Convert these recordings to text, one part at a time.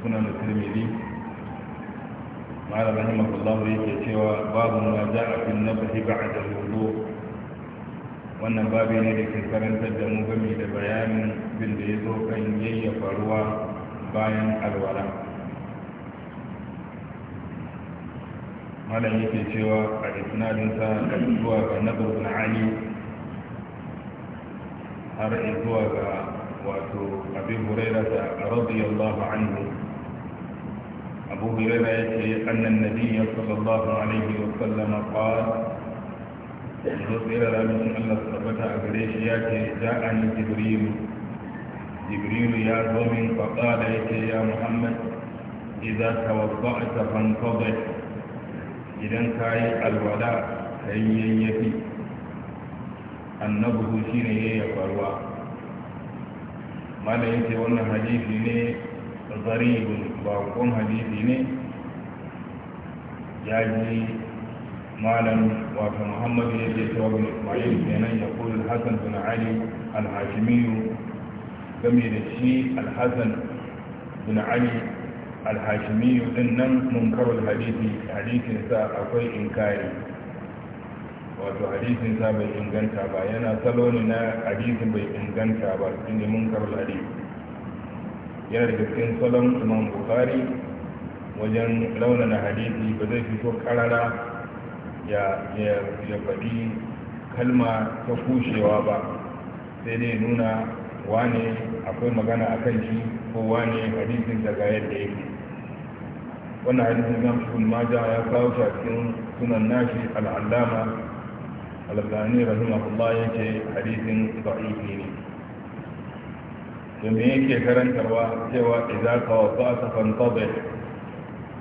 sunan tirmidhi ma'ana rahimahullahu yake cewa babu ma ja'a fil nabhi ba'da wudu wannan babu ne da ke karantar da mu gami da bayanin bin da ya zo kan yayyafaruwa faruwa bayan alwala malam yake cewa a isnadinsa da zuwa ga nabar na ali har zuwa ga wato abin hurairata radiyallahu anhu أبو هريرة أن النبي صلى الله عليه وسلم قال يصير من الله ثبت أغريش ياتي جاءني جبريل جبريل يا زوم فقال يتي يا محمد إذا توضأت فانتظر إذا كاي الولاء كي يفي النبه شين يفروا ما لا يتي وانا حديثي ضريب bakon hadisi ne ya ji malam wato muhammadu ya ce ta wani ismail kenan ya kuri hassan bin ali alhashimiyu game da shi alhassan bin ali alhashimiyu din nan munkarul hadisi hadisinsa akwai inkari wato hadisinsa bai inganta ba yana salo ne na hadisin bai inganta ba inda munkarul hadisi yana da cikin salon imam bukari wajen launin hadisi ba zai fito karara ya faɗi kalma ta kushewa ba sai dai nuna wane akwai magana a kan shi ko wane hadisin daga yadda yake wannan hadisin imam shukun maja ya kawo shi a cikin sunan nashi al'allama al rahimahullah ya ce hadisin da'ifi ne to me yake karantarwa cewa idza ka wasa safan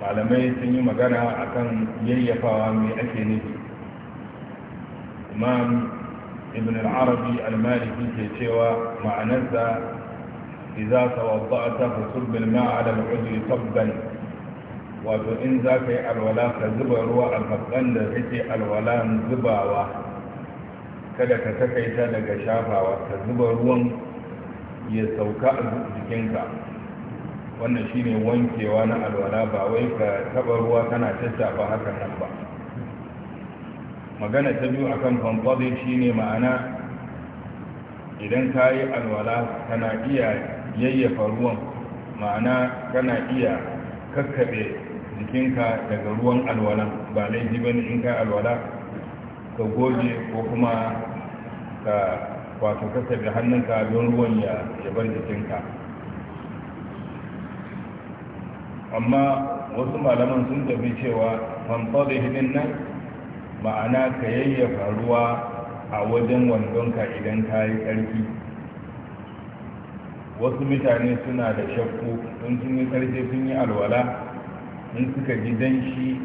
malamai sun yi magana a kan yayyafawa me ake nufi imam ibn al-arabi al-maliki ke cewa ma'anarsa idza tawadda'ta fa surb al-ma'a ala al tabban wato in za ka yi alwala ka zuba ruwa a matsan da kake alwala zubawa kada ka takaita daga shafawa ka zuba ruwan ya sauka a jikinka wannan shine wankewa na alwala ba wai ka taba ruwa kana ba hakan nan ba magana ta biyu akan shi shine ma'ana idan ka yi alwala kana iya yayyafa ruwan ma'ana kana iya kakkaɓe jikinka daga ruwan alwala ba laifi ba ne in ka alwala ka goge ko kuma ka wato ka sabi hannunka don ruwan ya bar jikinka amma wasu malaman sun tafi cewa da hidin nan ma'ana ka yayyafa ruwa a wajen wandonka idan ka yi ƙarfi wasu mutane suna da shakku sun sun yi ƙarfi sun yi alwala in suka ji danshi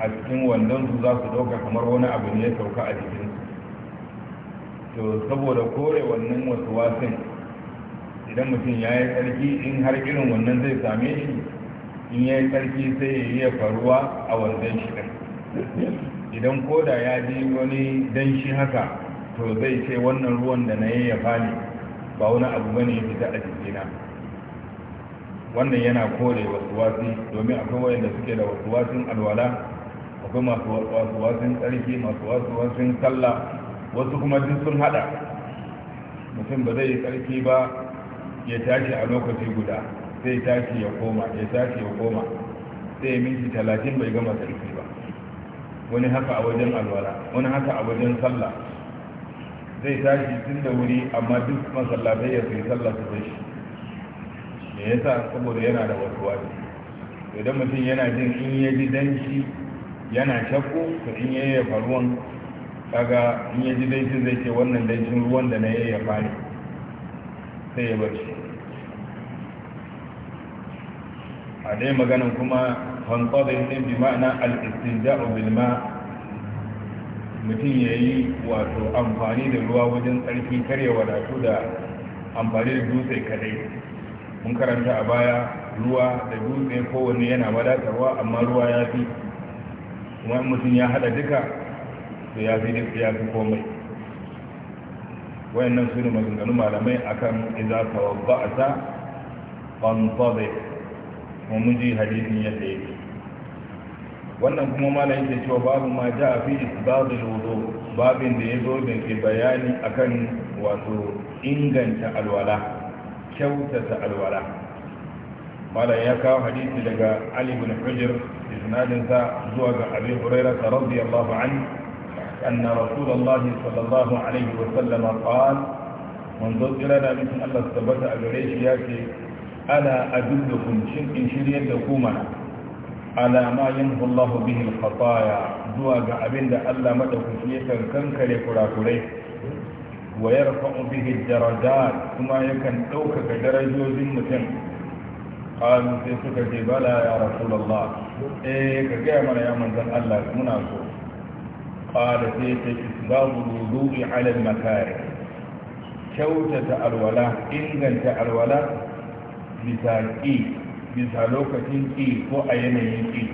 a cikin wandonsu za su ɗauka kamar wani abu ne ya sauka a jikin to saboda kore wannan wasu wasin idan mutum ya yi tsarki in har irin wannan zai same shi in ya yi tsarki sai ya iya faruwa a wanzan shi idan koda ya ji wani danshi haka to zai ce wannan ruwan da na yi ya fali ba wani abu bane ya fita a jikina wannan yana kore wasu wasi domin akwai wayanda suke da wasu wasin alwala akwai masu wasin tsarki masu wasin sallah wasu kuma duk sun hada mutum ba zai yi karfi ba ya tashi a lokaci guda sai tashi ya koma ya tashi ya koma sai minti talatin bai gama karfi ba wani haka a wajen alwala wani haka a wajen sallah zai tashi tun da wuri amma duk masallatai ya fi sallah su shi me yasa saboda yana da wasu wani idan mutum yana jin in ya ji danshi yana shakku to in ya yi faruwan kaga in ya ji laifin zai ce wannan laifin ruwan da na ya ne sai ya barci a dai maganan kuma hankodin ɗin bi ma'ana al'istinja'u bilma mutum ya yi wato amfani da ruwa wajen tsarki karya wadatu da amfani da dutse kadai mun karanta a baya ruwa da dutse kowanne yana wadatarwa amma ruwa ya fi wani mutum ya hada duka da ya fi ya fi komai wayannan su ne maganganu malamai akan idza tawabba'ta fantabi mu muji hadisin yadda yake wannan kuma malam yake cewa babu ma ja fi isbatul wudu babin da yazo da ke bayani akan wato inganta alwala kyautata alwala mala ya kawo hadisi daga Ali bin Hujr isnadin sa zuwa ga Abi Hurairah radiyallahu anhu أن رسول الله صلى الله عليه وسلم قال منذ إلنا مثل الله ثبت أجريش ياتي ألا أدلكم شرك شريا لكوما على ما ينهى الله به الخطايا zuwa ga abin da Allah maɗaukaki yakan kankare kurakurai wa ya rafa'u bihi darajat kuma yakan ɗaukaka darajojin mutum qalu sai suka ce bala ya rasulullah eh ka gaya mana ya Allah so قال سيك إسباب الوضوء على المكاره كوتة الولاء إنغنت الولاء بساكي بسالوكة إي وأيني إي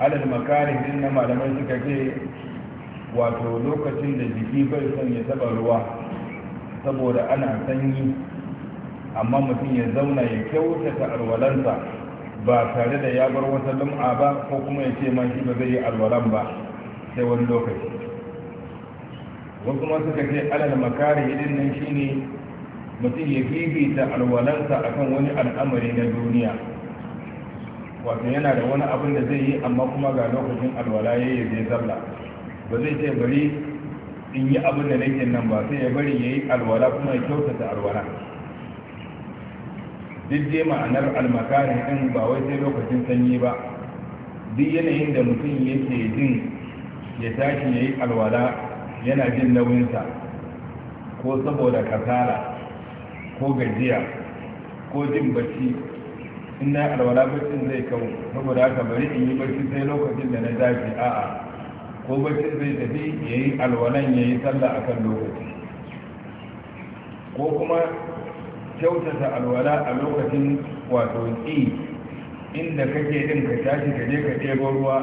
على المكاره إنما لم يسكك كي lokacin da jiki bai son ya taba ruwa saboda amma mutum ya zauna ya kyautata alwalansa ba tare da ya bar wata lum'a ba ko kuma ya ce ma shi ba zai yi alwalan ba sai wani lokaci wasu kuma suka ce alal makari idin nan shine mutum ya fifita alwalansa akan wani al'amari na duniya wato yana da wani abin da zai yi amma kuma ga lokacin alwala ya yi zai zalla ba zai ce bari in yi abin da nake nan ba sai ya bari ya yi alwala kuma ya kyautata alwala duk dai ma'anar almakari din ba wai sai lokacin sanyi ba duk yanayin da mutum yake jin ya tashi ya yi alwala yana jin nauyinsa ko saboda kasara ko gajiya ko jin bacci in na alwala bacci zai kawo saboda haka bari in yi bacci sai lokacin da na tashi a'a ko bacci zai tafi ya yi alwalan ya yi sallah a kan lokaci ko kuma kyautata alwala a lokacin wato ƙi inda kake ɗin ka tashi ka je ka ɗebo ruwa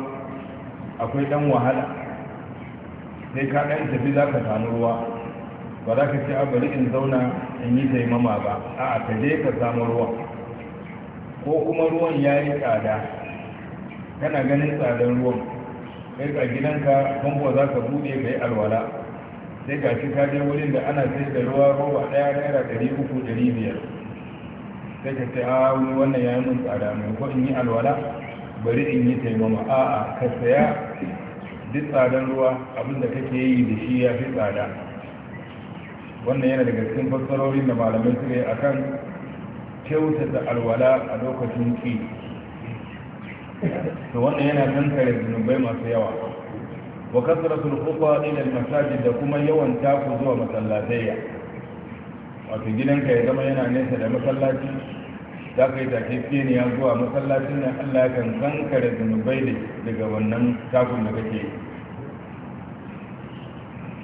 akwai ɗan wahala sai ka ɗan tafi za ka samu ruwa ba za ka ce a ah, bari in zauna in yi taimama ba a ka je ka samu ruwa ko kuma ruwan ya yi tsada kana ganin tsadan ruwan kai ka gidanka famfo za ka buɗe ka yi alwala sai ka ci ka je wurin da ana sai da ruwa roba ɗaya naira ɗari uku ɗari biyar sai ka ce a ah, wannan ya yi mun tsada mai ko in yi alwala bari in yi taimama a'a ka saya duk tsadar ruwa abinda kake yi da shi ya fi tsada wannan yana daga cikin fassarorin da malamai suka yi akan kyautata alwala a lokacin ki to wannan yana kankare zunubai masu yawa wa kasratul khutwa ila al-masajid da kuma yawan taku zuwa masallatai wato gidanka ya zama yana nesa da masallaci za ka yi ne ya zuwa masallacin nan allah kan kankare zunubai ne daga wannan takun da kake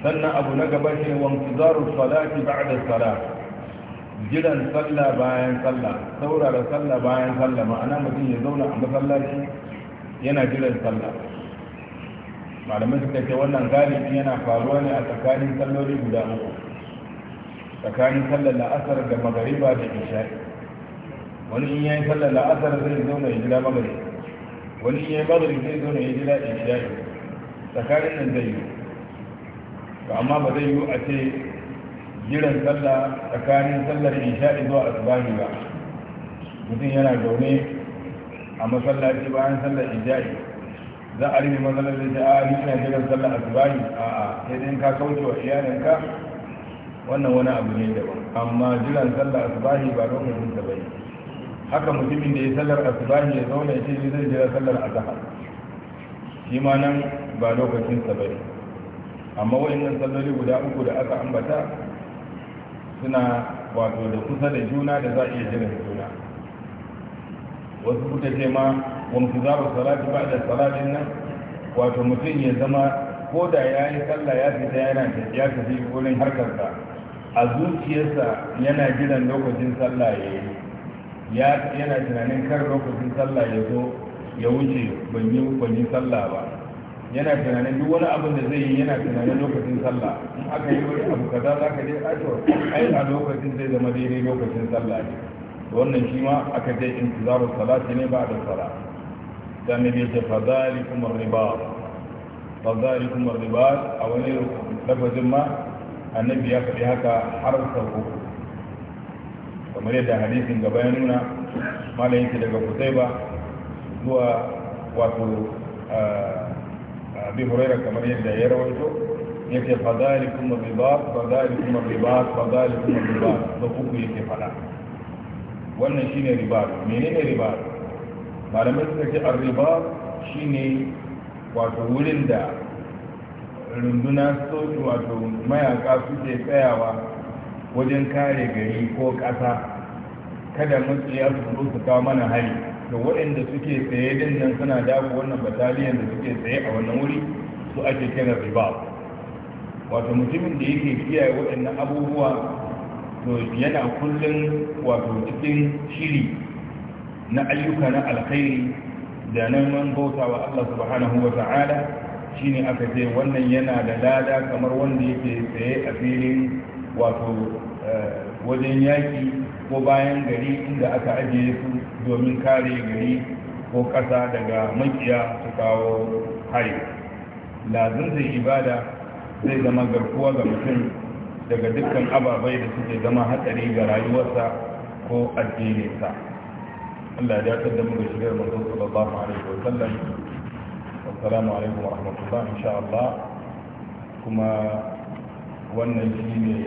sannan abu na gaba ne wantizaru salati ba'da salat jiran sallah bayan sallah saurara sallah bayan sallah ma'ana mutum ya zauna a masallaci yana jiran sallah malamai suka ce wannan galibi yana faruwa ne a tsakanin salloli guda uku tsakanin sallar la'asar da magariba da isha'i wani in yayi sallar la'asar zai zo ya jira magrib wani in yayi magrib zai zauna ya jira isha'i tsakanin nan zai yi to amma ba zai yi a ce jiran sallah tsakanin sallar isha'i a asibani ba mutum yana zaune a masallaci bayan sallar isha'i za a rini matsalar da ta a ina jiran sallar asibani a a sai dai ka kauce wa iyalinka wannan wani abu ne daban amma jiran sallar asibani ba lokacin ta bai haka mutumin da ya sallar asubahi ya zauna ya ce ni zai jira sallar azhar shi ma nan ba lokacin sa bane amma wayannan salloli guda uku da aka ambata suna wato da kusa da juna da za a iya jiran juna wasu kuka ce ma wa mutuzaru salati ba da salatin nan wato mutum ya zama ko da ya yi sallah ya fita yana ya tafi wurin harkarsa a zuciyarsa yana jiran lokacin sallah ya yi yana tunanin kar lokacin sallah ya zo ya wuce ban yi ban yi sallah ba yana tunanin duk wani abin da zai yi yana tunanin lokacin sallah in aka yi wani abu kaza za ka je ato ai a lokacin zai zama daidai lokacin sallah ne wannan shi ma aka je intizaru salati ne ba da sala dan ne yake fadalikum ribat fadalikum ribat a wani lafazin ma annabi ya faɗi haka har sau uku kamar yadda hadisin gaba ya nuna malam yake daga ba zuwa wato abi hurairah kamar yadda ya rawaito yake fadalikum ribat kuma ribat kuma ribat da uku ke fada wannan shine ribat menene ribat malamai suka ce a ribat shine wato wurin da runduna soji wato mayaka suke tsayawa wajen kare gari ko ƙasa kada matsiya su zo su kawo mana hari to waɗanda suke tsaye din nan suna dawo wannan bataliyan da suke tsaye a wannan wuri su ake kira riba wato mutumin da yake kiyaye waɗannan abubuwa to yana kullum wato cikin shiri na ayyuka na alkhairi da neman bauta wa Allah subhanahu wa ta'ala shine aka ce wannan yana da lada kamar wanda yake tsaye a filin wato eh, wajen yaƙi ko bayan gari inda aka ajiye su domin kare gari ko ƙasa daga makiya su kawo hari lazimtar ibada zai zama garkuwa ga mutum daga dukkan ababai da suke zama hatsari ga rayuwarsa ko addininsa Allah ya tsada mu da shigar manzon sallallahu alaihi wa sallam assalamu alaikum wa rahmatullah insha Allah kuma wannan shine